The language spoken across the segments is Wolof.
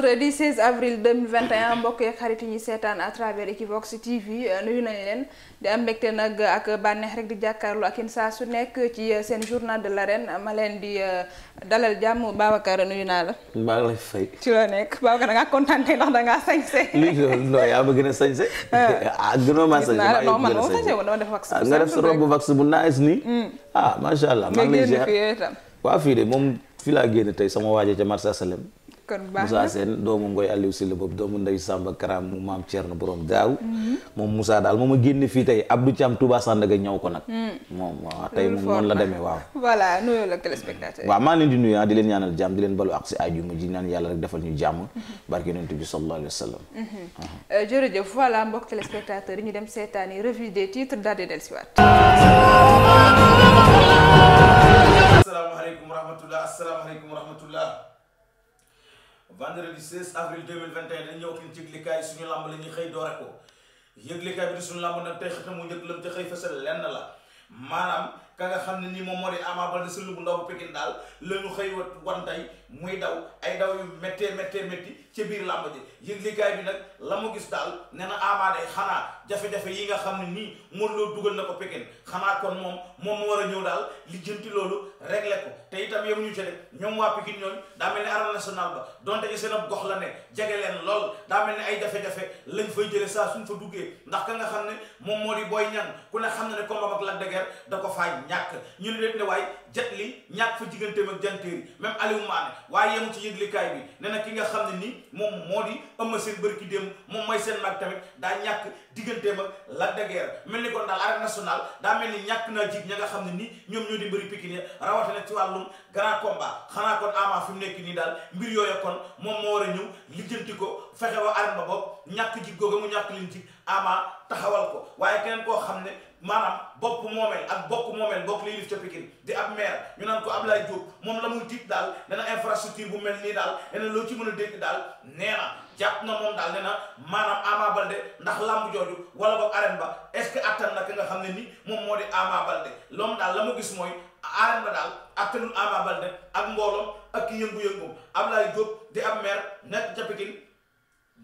vendredi 16 avril 2021 mbokk yeeg xarit yi ñuy seetaan à travers Equivox TV euh, nuyu nañ leen di am mbégte nag ak bànneex rek di jàkkaarloo ak in saa su nekk ci euh, seen journal de l'arène ma leen di euh, dalal jàmm Babacar nuyu naa la. maa ngi lay fay. ci da ngaa kontaan tey ndax da ngaa ma a sañse. Ah. ah gënoo maa maa ngi gën a sañse non man def vax. Ah, vax bu nice nii. Mm. ah macha allah. maa ngi lay ziar waa fii de moom fii laa génn tey sama waaje ca Marsa Salem kon baax na Moussa Sène doomu Ngoy Aliou Sylla boobu doomu Ndeye Samba Karam mu maam Thierno borom daaw. Mhm. moom Moussa daal moom a génne fii tey Abdou Thiam Touba Sandaga ñëw ko nag. Mhm. moom waaw tey moom noonu la demee waaw. voilà nuyoo la téléspectateur a maa leen di nuyu ah, leen ñaanal jàmm di leen balu ak si àjjuma ji naan yàlla defal ñu jàmm. Mhm. barke yonent bi sallallahu alayhi euh, mbokk téléspectateur yi ñu dem seetaani revue des titres daal di dellusiwaat. asalaamaaleykum vendredi 16 avril 2021 dañ ñëw ci yëglikaay suñu làmb la ñuy xëy doore ko yëglikaay bi di suñu làmb nag tey xëtamu xëy fesal lenn la maanaam ka nga xam ne nii moom moo di Ama Baldé sëllu mu ndaw bu Pikine daal la ñu xëy wat wan tey muy daw ay daw yu méttee méttee métti ci biir làmb ji yëglikaay bi nag la mu gis daal ne na amaa day xanaa jafe-jafe yi nga xam ne nii moom loo dugal na ko Pikine xanaa kon moom moom mu war a ñëw daal lijjanti loolu réglé ko te itam yemuñu ci de ñoom waa Pikine ñooñu daa mel ni arène nationale ba donte ci seen gox la ne jege leen lool daa mel ni ay jafe-jafe lañ fay jële saa suñ fa duggee ndax ka nga xam ne moom moo di booy ñan ku ne xam na ne combat ak Lac de da ko faa ñàkk ñu ne leen ne waaye li ñàkk fa digganteem ak jantéer même Aliou Mané waaye yemu ci yëglikaay bi ne na ki nga xam ne ni moom moo di ëmma seen bërki démb moom mooy seen mag tamit daa ñàkk digganteem ak la de mel ni kon daal arène national daa mel ni ñàkk naa jig ña nga xam ne ni ñoom ñoo di mbëri Pikine rawatina ci wàllum grand combat xanaa kon Ama fi mu nekk nii daal mbir yooyu kon moom moo war a ñëw lijjanti ko fexe wa arène ba bopp ñàkk ji googa mu ñàkk liñ ci Ama taxawal ko waaye keneen koo xam ne maanaam bopp moomeel ak bokk moomeel bokk liy lif ca Pikine di ab maire ñu naan ko Ablaye Diop moom la muy tiit daal nee na infrastructure bu mel nii daal nee na loo ci mën a dégg daal nee na jàpp na moom daal nee na maanaam Ama Balde ndax làmb jooju wala boog arène ba est-ce que na ki nga xam ne ni moom moo di Ama Balde loom daal la mu gis mooy arène ba daal attanul Ama Baldé ak mbooloom ak ki yëngu-yëngoom Ablaye Diop di ab maire nekk ca Pikine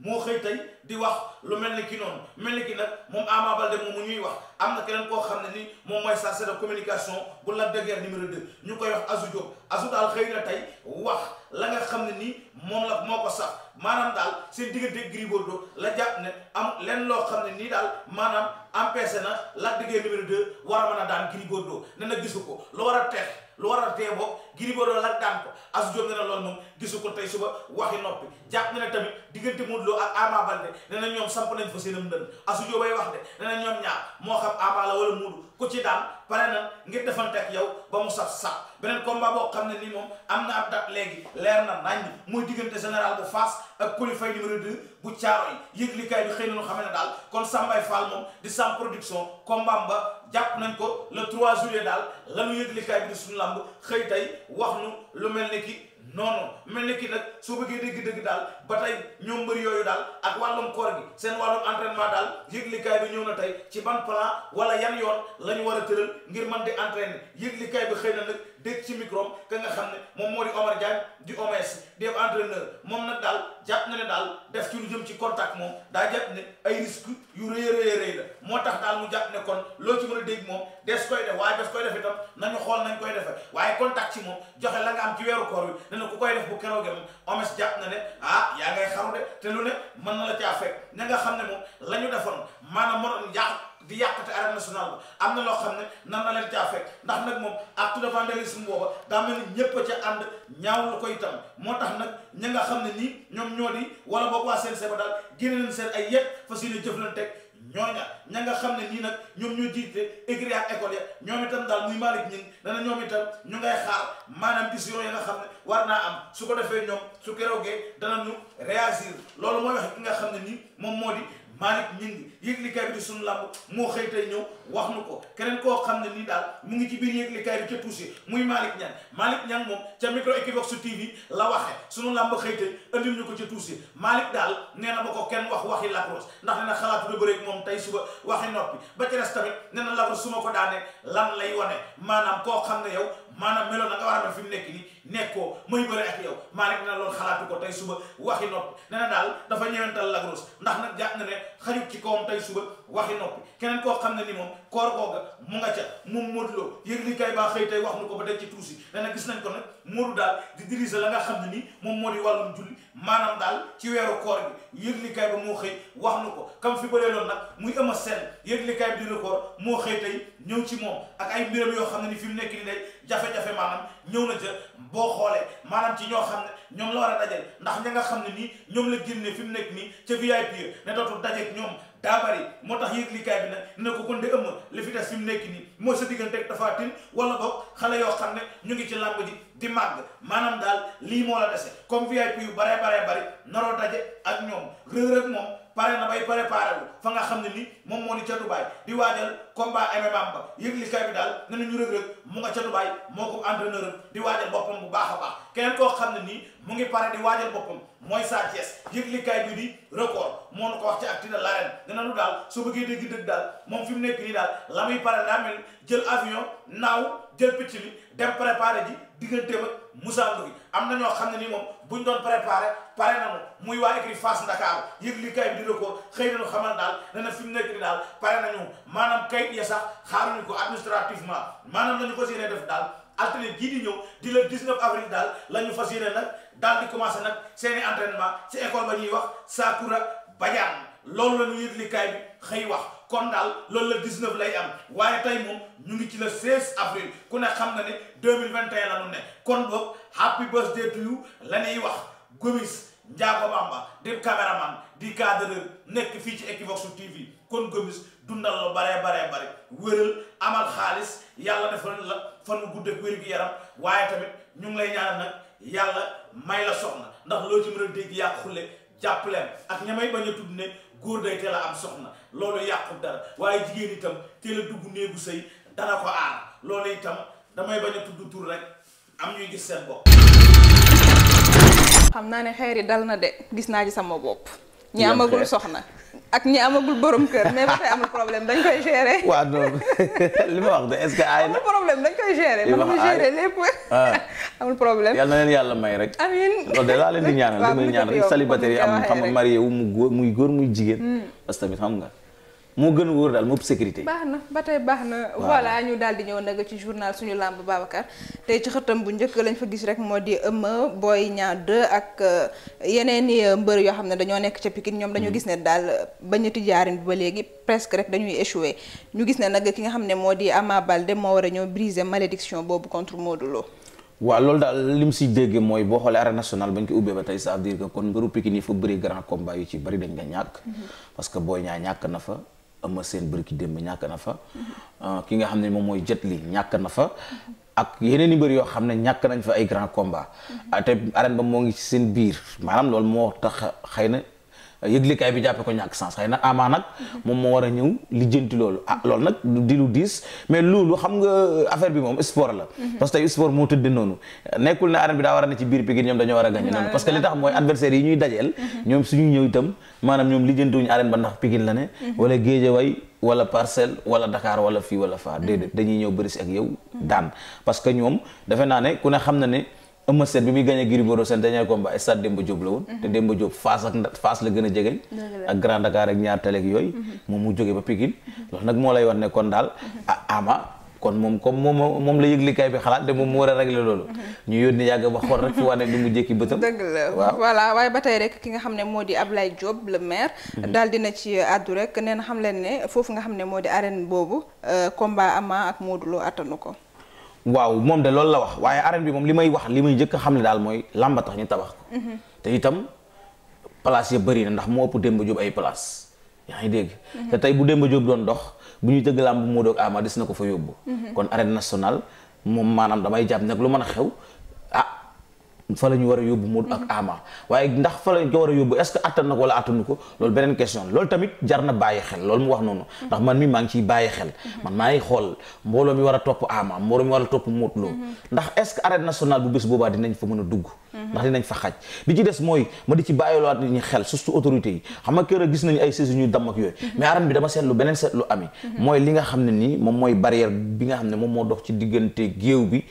moo xëy tey di wax lu mel ni ki noonu mel ni ki nag moom Ama Baldé moom mu ñuy wax am na keneen koo xam ne ni moom mooy chargé de communication bu la de Guiers numéro 2 ñu koy wax Azou Diop Azou daal xëy na tey wax la nga xam ne nii moom la moo ko sax maanaam daal seen diggante Gris Bordeaux la jàpp ne am lenn loo xam ne nii daal maanaam empêché na Lac de Guiers numéro 2 war daan Gris Bordeaux ne na gisu ko lu war a teex lu war a dee boog Gris Bordeaux la daan ko as jóg na ne moom gisu ko tey suba waxi noppi jàpp na ne tamit diggante Modou Lo ak Ama Baldé nee na ñoom samp nañ fa seenam ndënd asu jóobay wax de dana na ñoom ñaar moo xam Ama la wala Modou ku ci daan pare na ngir defante ak yow ba mu saf sax beneen combat boo xam ne nii moom am na ab date léegi leer na nañ muy diggante général bu Fass ak Coly Faye numéro bu Thiaroye yëglikaay bi xëy na ñu xam ne daal kon Sambaay Fall moom di Sam production combat jàpp nañ ko le 3 juillet daal la ñu yëglikaay bi di suñu làmb xëy tey wax nu lu mel ni ki noonu mel ni ki nag soo bëggee dégg-dégg daal ba tey ñoom mbër yooyu daal ak wàllum koor gi seen wàllum entraînement daal yëglikaay bi ñëw na tey ci ban plan wala yan yoon la ñu war a tëral ngir mën di entraîner yëglikaay bi xëy na nag dégg ci micro ka nga xam ne moom moo di Omar Diagne di OMS di entraîneur moom nag daal jàpp na ne daal def ci lu jëm ci contact moom daa jàpp ne ay risque yu rëy rëy rëy la moo tax daal mu jàpp ne kon loo ci mën a dégg moom des koy def waaye des koy def itam nañu xool nañ koy defe waaye contact ci moom joxe la nga am ci weeru koor bi ne na ku koy def bu keroogee moom OMS jàpp na ne ah yaa ngay xaru de te lu ne mën na la caa ña nga ne moom la ñu di yàqate arène nationale ba am na loo xam ne nan na leen caa fekk ndax nag moom acte de vandalisme booba daa mel ni ñépp a ca ànd ñaaw lu ko itam moo tax nag ña nga xam ne nii ñoom ñoo di wala boo waa seen ba daal génne leen seen ay yet fas yéene jëflanteeg ñooña ña nga xam ne nii nag ñoom ñoo jiite écrit ak école ya ñoom itam daal muy Malick ñi dana ñoom itam ñu ngay xaar maanaam gis yooyu nga xam ne war naa am su ko defee ñoom su keroogee dana ñu réagir loolu mooy wax ki nii moom moo di Malick Gningue yëglikaay bi di sunu làmb moo xëy ñëw wax nu ko keneen koo xam ne ni daal mu ngi ci biir yëglikaay bi ca poussé muy Malick Niang Malick Niang moom ca micro Equivox TV la waxe sunu làmb xëy tey andil ko ca toussé Malick daal nee na ba ko kenn wax waxi Lac Rose ndax nee na xalaatu da moom tey suba waxi noppi ba ci res tamit nee na Lac Rose su ma ko daanee lan lay wane maanaam koo xam ne yow maanaam meloon na nga war a fi mu nekk nii nekkoo may bëre ak yow maa rek na loolu xalaatu ko tey suba waxi noppi nee daal dafa ñëwental lagros ndax nag jàpp na ne xajut ci kawam tey suba waxi noppi keneen koo xam ne ni moom koor googa mu nga ca moom Modou Lo yëg li baa xëy tey wax nu ko ba tey ci tuusi nee gis nañ ko nag Modou daal di diriger la nga xam ne nii moom moo di wàllum julli maanaam daal ci weeru koor gi yëglikaay ba moo xëy wax nu ko kam fi bëree loon nag muy Eumeu Sène yëglikaay bi di record moo xëy tey ñëw ci moom ak ay mbiram yoo xam ne ni fi mu nekk ni day jafe-jafe maanaam ñëw na ca boo xoolee maanaam ci ñoo xam ne ñoom la war a dajal ndax ña nga xam ne nii ñoom la génne fi mu nekk nii ca VIP ne dootul dajeeg ñoom daa bari moo tax yëglikaay bi nag ne ko kon de ëmma li fi des mu nekk nii mooy sa diggante ak Tapha Tine wala boog xale yoo xam ne ñu ngi ci làmb ji di màgg maanaam daal lii moo la dese comme VIP yu baree baree bari naroo daje ak ñoom rër ak moom pare na bay préparé wu fa nga xam ne ni moom moo di ca Dubaay di waajal combat MMA ba yëgli kay bi daal ne nañu Reug Reug mu nga ca Dubaay moo ko entraîneur di waajal boppam bu baax a baax keneen koo xam ne nii mu ngi pare di waajal boppam mooy Sa Thiès yëgli kay bi di record moo nu ko wax ci acte de l'arène ne nanu daal soo bëggee dégg daal moom fi mu nekk nii daal la muy pare daa mel jël avion naaw jël picc mi dem préparé ji diggante ba Moussa Ndoye am na ñoo xam ne nii moom ñu doon préparé pare na mu muy waa écrit Fass Ndakaaru yëg li kay bi di ko xëy na lu xamal daal ne na fi mu nekk ni daal pare nañu maanaam kayit ya sax xaaruñu ko administrativement maanaam la ñu fas yéene def daal altine jii di ñëw di le 19 avril daal la ñu fas yéene nag daal di commencé nag seeni entraînement ci école ba ñuy wax Sakura Badiane loolu la ñu yëg li kay bi xëy wax kon daal loolu la 19 lay am waaye tey moom ñu ngi ci le 16 avril ku ne xam na ne 2021 la ñu ne kon boog happy birthday to you la ñuy wax Gomis Ndiago Bamba di caméraman di cadreur nekk fii ci Equivox TV kon Gomis dundal la baree baree bari wéral amal xaalis yàlla defal la fan mu gudd ak wér yaram waaye tamit ñu ngi lay ñaanal nag yàlla may la soxna ndax loo ci dégg yàq jàpp leen ak ñamay bañ a tudd ne góor day teel a am soxna loolu yàqul dara waaye jigéen itam teel a dugg néegu sëy dana ko aar loolu itam damay bañ a tudd tur rek am ñuy gis seen bopp xam naa ne xeer yi dal na de gis naa ci sama bopp. ñi amagul soxna ak ñi amagul borom kër mais ba tey amul problème dañ koy gérer. waaw non li ma wax de est-ce que aay na. amul problème dañ koy gérer. li ma wax aay gérer yal ah. na leen yàlla may rek. amiin loolu de laa leen di ñaanal. waaw li may ñaanal célibataire yi am xam nga marié wu mu góor muy góor muy jigéen. Hmm. parce que xam nga. moo gën wóor daal moo sécurité. baax na ba tey baax na. voilà ñu daal di ñëw nag ci journal suñu làmb Babacar. te ci xëtam bu njëkk lañ fa gis rek moo di Eumeu booy Niang 2 ak euh, yeneen i euh, mbër yoo xam ne dañoo nekk ca Pikine ñoom dañoo mm. gis ne daal bañati jaarin bi ba léegi presque rek dañuy échoué ñu gis ne nag ki nga xam ne moo di Ama Baldé moo war a ñëw briser malédiction boobu contre Modou Lo. waaw loolu daal li mu si dégg mooy boo xoolee arène nationale ba ñu ubbee ba tey ça veut dire ko kon mbëru Pikine yi fa bëri grand combat yu ci bëri dañ nga ñàkk. Mm-hmm. parce que Boy Niang ñàkk na fa. Eumeu Sène bërki démb ñàkk na fa ah, ki nga xam ne moom mooy Jet ñàkk na fa ak yeneen i mbër yoo xam ne ñàkk nañ fa ay grand combat ah, te arène ba moo ngi ci seen biir maanaam loolu moo tax xëy na yëglekaay bi jàppee ko ñàkk sens xëy na Ama nag moom moo war a ñëw lijjanti loolu ah loolu nag di lu diis mais loolu xam nga euh, affaire bi moom sport la mhm. parce que tey sport moo tëdd noonu nekkul ne arène bi daa war a ne ci biir Pikine ñoom dañoo war a gagné noonu parce que li tax mooy adversaire yi ñuy dajeel mhm. ñoom suñu ñëw itam maanaam ñoom lijjantiwuñu arène ba ndax Pikine la ne mhm. wala Guédiawaye wala parcelle wala Dakar wala fii wala faa déedéet dañuy ñëw bëri si ak yow daan parce que Eumeu Sène bi muy gagné Gris Bordeaux seen dernier combat stade Demba Diop la woon. Mhm. te Demba Diop Fass ak Fass la gën a jegeñ. ak Grand Dakar rek ñaar taleeg yooyu. Mhm. moom mu jógee ba Pikine. Mhm. loolu nag moo lay wan ne kon daal a ah, Ama. kon moom comme moom moom la yëglikaay bi xalaat de moom mu war a régler loolu. ñu yónni yàgg ba xool rek fi wane du mu jékki bëtam. dëgg la voilà waaye ba tey rek ki nga xam ne moo di Ablaye Diop le maire. daal dina ci àddu rek nee na xam leen ne foofu nga xam n moo di arène boobu euh, combat Ama ak Modou Lo attanu ko. waaw moom de loolu la wax waaye arène bi moom li may wax li may jëkk a xam ne daal mooy làmba tax ñu tabax ko mhm. te itam place ya bëri na ndax moo ëpp Demba Diop ay place yaa ngi dégg mhm. te tey bu Demba Diop doon dox bu ñu tëgg làmb moo doog ama des na ko fa yóbbu mhm. kon arène nationale moom maanaam damay jàpp nag lu mën a xew fa la ñu war a yóbbu Modou ak mhm. Ama waaye ndax fa la ko war a yóbbu est-ce que attan na ko wala attanu ko loolu beneen question loolu tamit jar na bàyyi xel loolu mu wax noonu mhm. ndax man mi maa ngi ciy bàyyi xel mhm. man maa ngi xool mbooloo mi war a topp Ama mbooloo mi war a topp Modou Lo ndax est-ce que arène nationale bu bés boobaa dinañ fa mën a dugg ndax dinañ fa xaj li ci des mooy ma di ci bàyyilowaat ñu xel surtout autorités yi xam nga kër a gis nañu ay saisi ñuy damm ak yooyu mais beneen seetlu mooy li nga xam ne nii moom mooy barrière bi nga xam ne moom moo dox ci diggante géew bi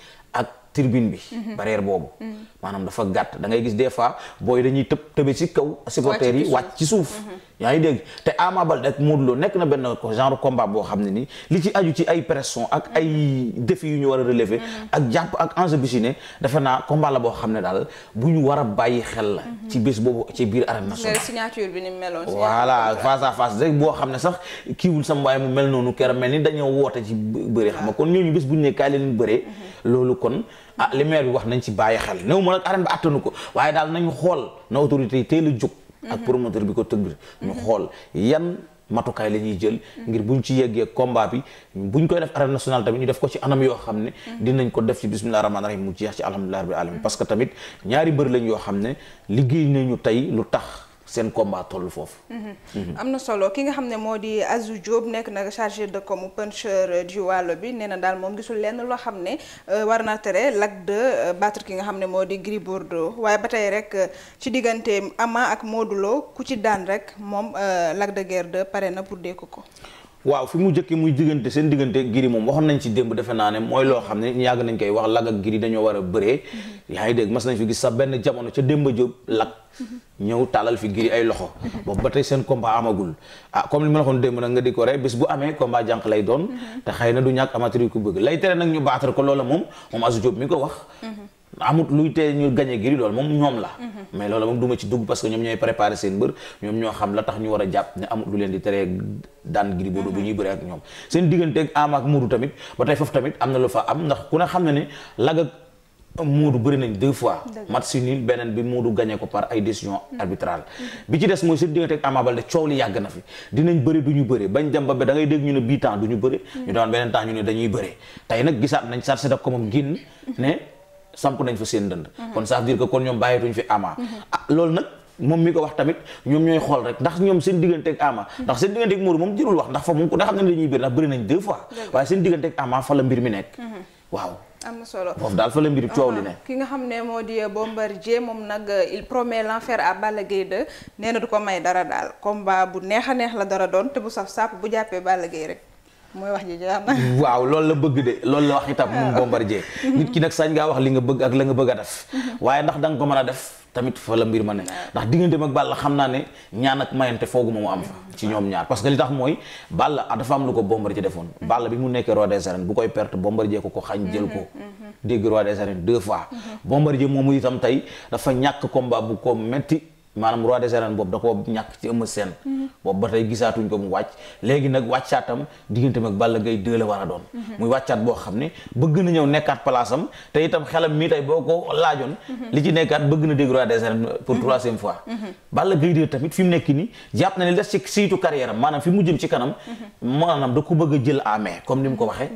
tribune bi. Mhm. barrière boobu. Mhm. maanaam dafa gàtt da ngay gis des fois booy dañuy tëb tëbe ci kaw. supporters yi wàcc ci suuf. Mhm. yaa ngi dégg te Ama Baldé ak Modou Lo nekk na benn genre komba boo xam ne ni li ci aju ci ay pression ak ay défis yu ñu war a relever. ak jàpp ak enjeu bi si ne defe naa combat la boo xam ne daal bu ñu war a bàyyi xel la. ci bés boobu ci biir arène nationale. signature bi ni mu meloon. voilà face à face rek boo xam ne sax kiiwul sam waaye mu mel noonu keroog mel ni dañoo woote ci bëre kon ñooñu bés bu ñu nee kaay leen bëree loolu kon. ah li maire bi wax nañ ci bàyyi xel néew ma nag arène bi attanu ko waaye daal nañu xool na autorité yi teel a jóg ak mhm. promoteur bi ko tëgg ñu mhm. xool yan matukaay la ñuy jël mhm. ngir bu ñu ci yeggee combat bi buñ koy def arène nationale tamit ñu def ko ci anam yoo xam ne dinañ ko def ci bismillah rahmaani rahim mu jeex ci alhamdulilah rabbil alamin parce que tamit ñaari mbër lañ yoo xam ne liggéey nañu tey lu tax seen combat toll foofu. Mm-hmm. am na solo ki nga xam ne moo di Azou Diop nekk na chargé de com puncheur du wàllo bi nee na daal moom gisul lenn loo xam ne euh, war naa tere Lac de euh, battre ki nga xam ne moo di Gris Bordeaux waaye ba tey rek euh, ci diggante Ama ak Modou ku ci daan rek moom Lac de Guiers pare na pour dékku ko. waaw fi mu jëkkee muy diggante seen diggante giri moom waxoon nañ ci démb defe naa ne mooy loo xam ne yàgg nañ koy wax lag ak giri dañoo war a bëree mm-hmm. yaa ngi dégg mas nañ fi gis sax benn jamono ca démba jóob lag mm-hmm. ñëw taalal fi giri ay loxo boobu ba tey seen combat amagul ah comme li ma la waxoon démb nag nga di ko rek bis bu amee combat jànq lay doon mm-hmm. te xëy na du ñàkk amateur yu ko bëgg lay tere nag ñu baatar ko loola moom moom asu jóob mi ko wax amut luy tee ñu gagné giri loolu moom ñoom la mais loolu moom duma ci dugg parce que ñoom ñooy préparé seen mbër ñoom ñoo xam la tax ñu war a jàpp ne amut lu leen di teree daan giri boobu bu ñuy bëri ak ñoom seen diggante ak ak Modou tamit ba foofu tamit am na lu fa am ndax ku ne xam ne ne Lac ak Modou bëri nañ deux fois match si bi Modou gagné ko par ay décision mm-hmm. arbitrale mm-hmm. bi ci des mooy seen diggante ak Ama Baldé li yàgg na fi dinañ bëri du ñu bëri bañ dem ba da ngay dégg ñu ne bii temps du ñu bëri mm-hmm. ñu daan beneen temps ñu ne dañuy bëri tey nag gisaat nañ sarse da ko moom génn ne samp nañ fa seen dënd kon ça veut dire que kon ñoom bàyyeetuñ fi ama ah loolu nag moom mi ko wax tamit ñoom ñooy xool rek ndax ñoom seen diggante ak ama ndax seen diggante ak Modou moom jërul wax ndax fa da xam ne la ñuy bëri ndax bëri waaye seen diggante ak fa la mbir mi nekk mhm. waaw am na solo foofu daal fa la mbiri coow li ne ki nga xam ne moo di Bombardier moom nag il promet l'enfer à Balla Gaye 2 nee na du ko may dara daal combat bu neex a neex la dara doon te bu saf sàpp bu jàppee Balla mooy wax ji jeex na. waaw loolu la bëgg de loolu la wax itam moom Bombardier nit ki nag sañ ngaa wax li nga bëgg ak la nga bëgg a def. Mhm. waaye ndax da nga ko mën a def. tamit fa la mbir ma ne ndax digganteem ak Balla xam naa ne ñaan ak mayante fooguma mu am fa ci ñoom ñaar parce que li tax mooy Balla ah, dafa am lu ko Bombardier defoon mhm. Balla bi mu nekkee roi des arènes bu koy perte Bombardier ko ko xañ mhm. jël ko dégg roi des arènes deux fois Bombardier moomu itam tey dafa ñàkk combat maanaam roi des arènes boobu da koo ñàkk ba tey gisaatuñ ko mu wàcc léegi nag wàccaatam digganteem ak Balla Gaye 2 la war a doon muy wàccaat boo xam ne bëgg na ñëw nekkaat place am te itam xelam mii tey boo ko laajoon li ci nekkaat bëgg na dégg roi des arènes pour troisième fois mu nekk nii jàpp na ne maanaam fi mu jëm ci kanam maanaam da ko bëgg jël à main ni mu ko waxee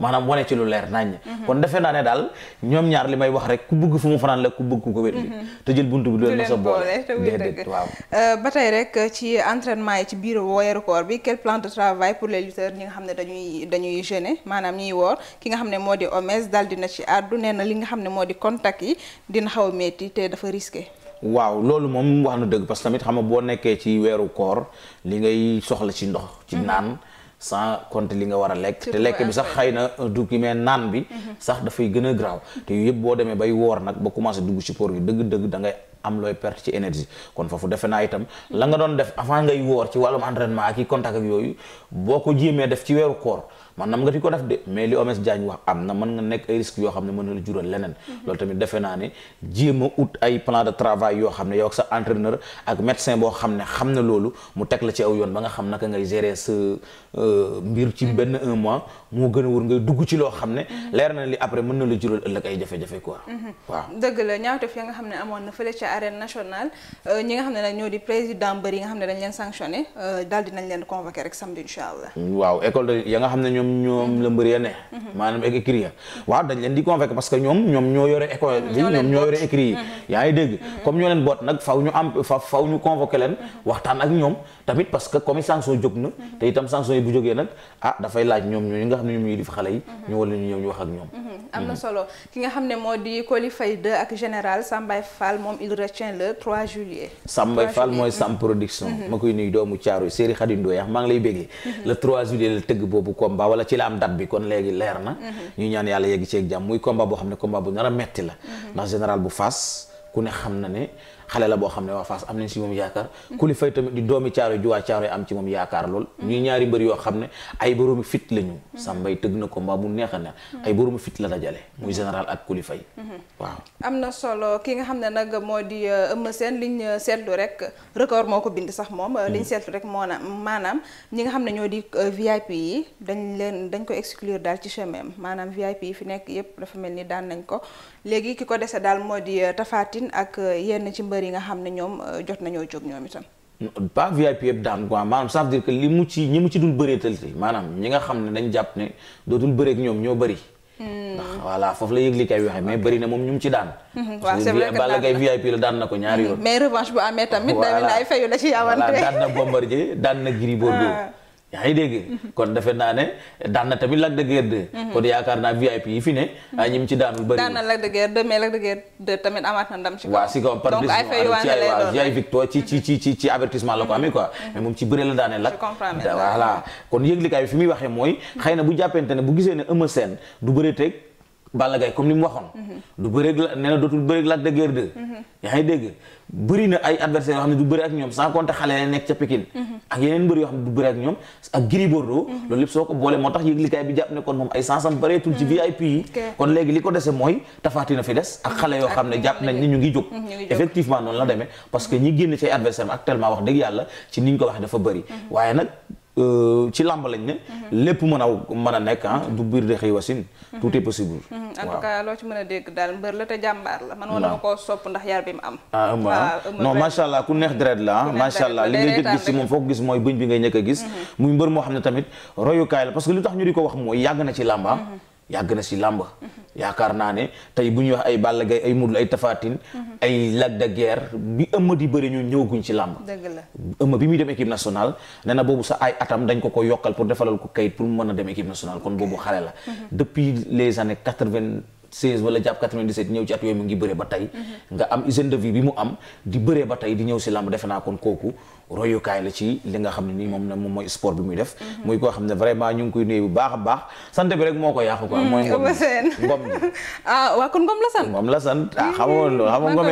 maanaam wane ci lu leer nañ mhm. kon defe naa ne daal ñoom ñaar li may wax rek ku bugg fu mu fanaan la ku bëgg ku ko wér mhm. te jël buntu bi doon na sa boole déedéet waaw euh, ba tey rek ci entraînement yi ci biir weeru koor bi quel plan de travail pour les lutteurs ñi nga xam ne dañuy dañuy maanaam ñuy woor ki nga xam ne moo di Omez daal dina ci àddu nee li nga xam ne moo di contact yi dina xaw a metti te dafa risqué. waaw loolu moom wax na dëgg parce que tamit xam nga boo nekkee ci weeru koor li ngay soxla ci ndox ci mhm. naan. sans compter li nga war a lekk te lekk bi sax xay na euh, du ki mais naan bi mhm. sax dafay gën a graaw te yooyu yëpp boo demee am looy perte ci énergie kon foofu defe naa itam la nga doon def avant ngay woor ci wàllum entraînement ak i contact yooyu boo ko jéemee def ci weeru koor man nam nga ci ko def de mais li Omes Diagne wax am na mën nga nekk ay risques yoo xam ne mën na la jural leneen mhm. loolu tamit defe naa ne jéem a ut ay plan de travail yoo xam ne na loolu mu teg la ci aw yoon ba nga xam naka ngay gérer sa euh, mhm. a ne mhm. leer na li après mën na la jural la ñaawteef ya nga xam ne fële ca arène nationale euh, ñi nga xam ne nag ñoo di président mbër nga xam ne dañ leen sanctionné euh, waaw école ya nga xam ne ñoom ñoom la mbër ya ne mhm. maanaam ak écrit ya waaw dañ leen di convaincre parce que ñoom ñoom ñoo yore école bi ñoom ñoo yore écrit yi mhm. yaa ngi dégg mhm. comme ñoo leen boot nag faw ñu am faw ñu convoqué leen waxtaan ak ñoom tamit parce que comme sanction jóg na mhm. te itam sanction yi bu jógee nag ah dafay laaj ñoom ñooñu nga xam ne ñoom ñuy def xale yi mhm. ñu wala ñu ñëw ñu wax ak ñoom mhm. am na solo ki nga xam ne moo di Coly Faye 2 ak général Sambay Fall moom il retient la 3 juillet Sambay Fall mooy Sam production ma koy nuyu doomu Thiaroye Séri Khady Ndoye yaa ah, maa ngi lay béggee le 3 juillet la tëgg boobu combat wala ci la am date bi kon léegi leer na ñu ñaan yàlla yegg ci jàmm muy combat boo xam ne combat bu nar a metti la ndax général bu Fass ku ne xam na ne xale la boo xam ne waa Fass am nañ si moom yaakaar kuli tamit di doomi caaro juwaa caaro am ci moom yaakaar lool ñuy ñaari mbër yoo xam ne ay boroomi fit lañu sàmbay tëgg na ko mbaa mu neex a neex ay boroomi fit la dajale na solo ki nga ne nag moo di euh, Eumeu Sène liñ euh, seetlu rek record moo ko bind sax moom mm-hmm. liñ seetlu rek moo na maanaam ñi nga xam ne ñoo di euh, VIP yi dañ leen dañ ko exclure daal ci chemin maanaam VIP yi fi nekk yépp dafa mel ni daan nañ ko léegi ki ko dese daal moo di Tapha Tine ak yenn ci mbër mbër yi nga xam ne ñoom euh, jot nañoo jóg ñoom itam. pas VIP yëpp daan quoi maanaam ça dire que li mu ci ñi mu ci dul bëreetal si maanaam ñi nga xam ne dañ jàpp ne dootul bëreek ñoom ñoo bëri. Hmm. ndax foofu la yëgli kay waxee mais bëri na moom ñu mu ci daan. Hmm, waaw c'est vrai VIP la daan na ko ñaari hmm, yoon. mais revanche bu amee tamit. voilà day fayu la ci yawante. daan na Bombardier daan na yaa ngi dégg kon defe naa ne daan na tamit Lac de Guiers 2 mhm. kon yaakaar naa VIP yi fi ne mhm. a ñi mu ci daanul bëri daan na Lac de Guiers 2 mais Lac de Guiers 2 tamit amaat na ndam ci waaw si kaw par ci ay victoire ci ci ci ci ci avertissement la ko mhm. amee quoi mais moom ci bëri la daanee Lac voilà kon yëglikaay bi fi muy waxee mooy xëy na bu jàppante ne bu gisee ne Eumeu seen du bëri teg Balla Gaye comme ni mu waxoon. Mhm. du bëreeg la nee na dootul bëreeg Lac de Guiers mhm. ngi dégg bëri na ay adversaires yoo xam ne du bëri ak ñoom sans compter mhm. ak yeneen mbër ne du bëri ak ñoom ak Gris Bordeaux. loolu lépp soo ko boole moo tax yëglikaay bi jàpp ne kon moom ay sansam bareetul ci VIP yi. kon léegi li ko dese mooy tafaati na fi des ak xale yoo xam ne jàpp nañ ni ñu ngi jóg. effectivement noonu la demee parce que ñi génn ci ay adversaires actuellement wax dëgg yàlla ci ni ñu ko waxee dafa bëri waaye euh, ne lépp mën a mën a nekk ah du biir de xëy tout est possible. Mhm, en loo ci mën a dégg daal mbër la te jàmbaar la. man woon na ma koo sopp ndax yar bi mu am. ah, ah. non macha allah ku neex deret la ah. macha allah li ngay gis si moom foo ko gis mooy bëñ bi ngay ñëkk a gis. Mhm. muy mbër moo xam ne tamit royukaay la parce que li tax ñu di ko wax mooy yàgg na ci làmba ah. mhm. yàgg na si làmb yaakaar naa ne tey bu ñuy wax ay Balla Gaye ay Modou ay Tafatine ay Lac Guerre bi ëmma di bëri ñoo ñëwaguñ ci làmb dëgg la ëmma bi muy dem équipe nationale nee na boobu sax ay atam dañ ko ko yokkal pour defalal ko kayit pour mu mën a dem équipe nationale kon boobu xale la mm-hmm. depuis les années 96 wala jàpp 97 ñëw mu ngi bëree ba tey nga am hygiène de vie bi mu am di bëree ba tey di ñëw si làmb defe naa kon kooku royukaay la ci li nga xam ne nii moom na mooy sport bi muy def mhm. muy koo xam ne vraiment ñu ngi koy nuyu bu baax a baax sant bi rek moo ko yàqu quoi mm, ngom ngom ah waa kon ngom la sant ngom ah, mm, ko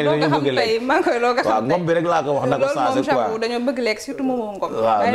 xam ngom bi rek laa ko wax na ko changé quoi dañoo bëgg lekk surtout moom ngom waaw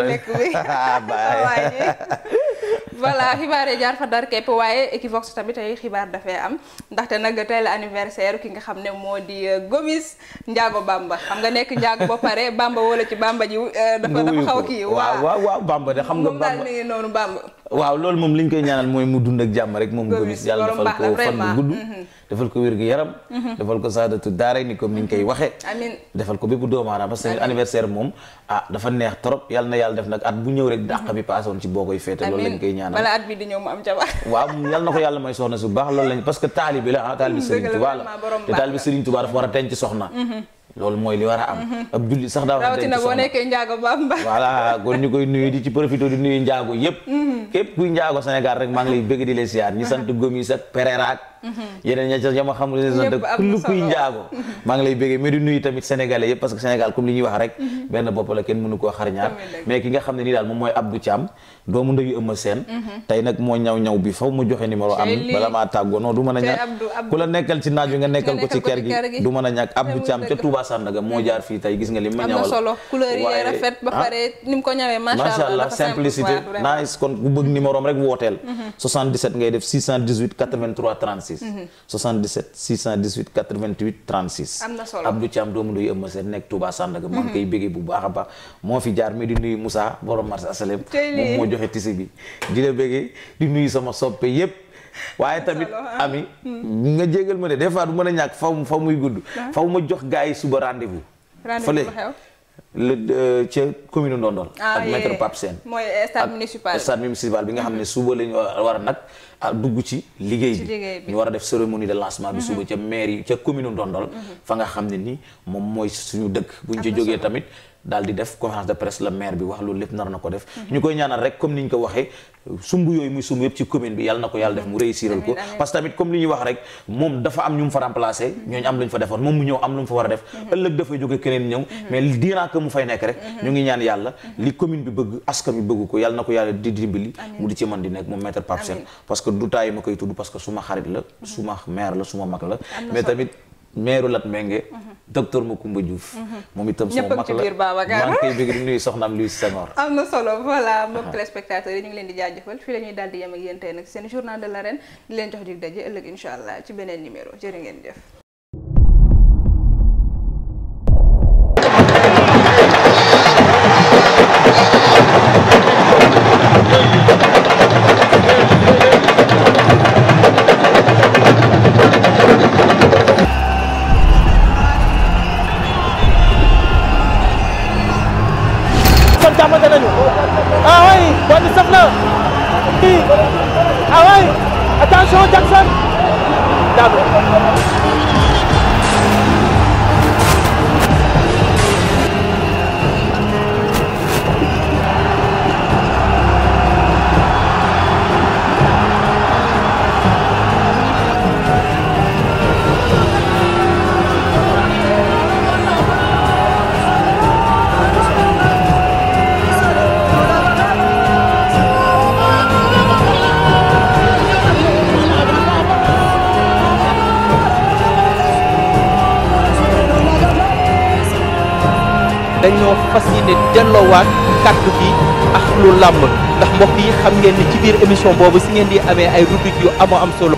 voilà xibaar jaar fa dar képp waaye Equivox tamit ay xibaar dafee am ndaxte nag tey la anniversaire ki nga xam ne moo di euh, Gomis Ndiago Bamba xam nga nekk Ndiago ba pare Bamba wala ci Bamba ji. Euh, dafa dafa xaw kii waaw waaw Bamba de xam nga. Bamba moom daal mi ngi noonu Bamba. waaw loolu moom li ñu koy ñaanal mooy mu dund jàmm rek moom. Gomis yàlla defal ko fan bu gudd. Mm-hmm. defal ko wér gu yaram mhm. defal ko saadatu daara ni comme ni ñu koy mhm. waxee amiin defal ko bépp doomu aadama parce que anniversaire moom ah dafa neex trop yàlla na yàlla def nag at bu ñëw rek bi mhm. boo koy féete loolu lañ koy ñaanal bala at bi di ñëw mu am jabar waaw yàlla ko yàlla may soxna su baax loolu lañ parce que taalibi ah, a denc soxna li war a am ab sax daa rawatina boo nekkee njaago bamba voilà kon ñu koy nuyu di ci profité di nuyu njaago yépp képp kuy njaago Sénégal rek maa ngi lay bëgg di lay siyaar ñi sant Gomis ak Pereira Mm-hmm. yeneen ña ca yama xam raisonné kullu kuy njaago maa ngi lay béggee mais di nuyu tamit sénégalais yëpp parce que sénégal comme li ñuy wax rek mm-hmm. benn bopp kenn mënu koo xar mais ki nga xam ne nii daal mooy Abdou Thiam mm-hmm. bi faw mu joxe numéro am bala maa tàggoo a ñàkk ku la nekkal ci naaj wi nga nekkal ko ci kër gi du mën a ñàkk Abdou Thiam ca Touba Sandaga moo jaar fii tey gis nga li ma ñawal solo couleur rafet ba ah, pare ni mu ko ñawee macha allah simplicité nice kon ku bëgg numéro rek wooteel 77 ngay 36. 77 618 88 36. am na solo Abdou Thiam a nduy ëmma seen nekk Touba Sandaga. maa ngi koy mhm. béggee bu baax a baax moo fi jaar mais di nuyu Moussa borom marché Asalem. moom moo joxe tisi bi di la béggee di nuyu sama soppe yépp waaye tamit ah. ami hmm. nga jégal ma ne des fois du mën a ñàkk faw faw muy gudd ah. faw ma jox gaa yi suba rendez-vous fële le euh, ca commune Ndondol. Ah, ak maître Pape Sène. mooy stade municipal stade municipal bi nga xam ne mhm. suba lañu war a nag ah, dugg ci liggéey bi ñu war a def cérémonie de lancement bi mhm. suba ca mairie ca commune Ndondol. Mhm. fa nga xam ne ni moom mooy suñu dëkk. bu ñu ca jógee tamit. daal di def conférence de presse la maire bi wax loolu lépp nar na ko def ñu koy ñaanal rek comme ni ñu ko waxee sumb yooyu muy sumb yëpp ci commune bi yàlla na ko yàlla def mu réussiral ko a def mhm. ëllëg dafay jóge keneen ñëw mhm. mhm. ko yàlla na ko yàlla di dimbali mu di koy tudd parce suma xarit la suma maire la suma mag la mais tamit maire Lat Menge. docteur Macoumba Diouf. moom itam sama mag la biir Babacar maa ngi koy bëgg di nuyu soxnaam Louis Senghor. am na solo voilà mbokk téléspectateurs yi ñu ngi leen di jaajëfal fii la ñuy daal di yem ak yéen tey nag seen journal de l'arène di leen jox dig daje ëllëg incha allah ci beneen numéro jërë ngeen jëf. ñoo fas yéene delloowaat kàddu bi ak lu làmb ndax mbokk yi xam ngeen ne ci biir émission boobu si ngeen di amee ay rubrique yu amoo am solo.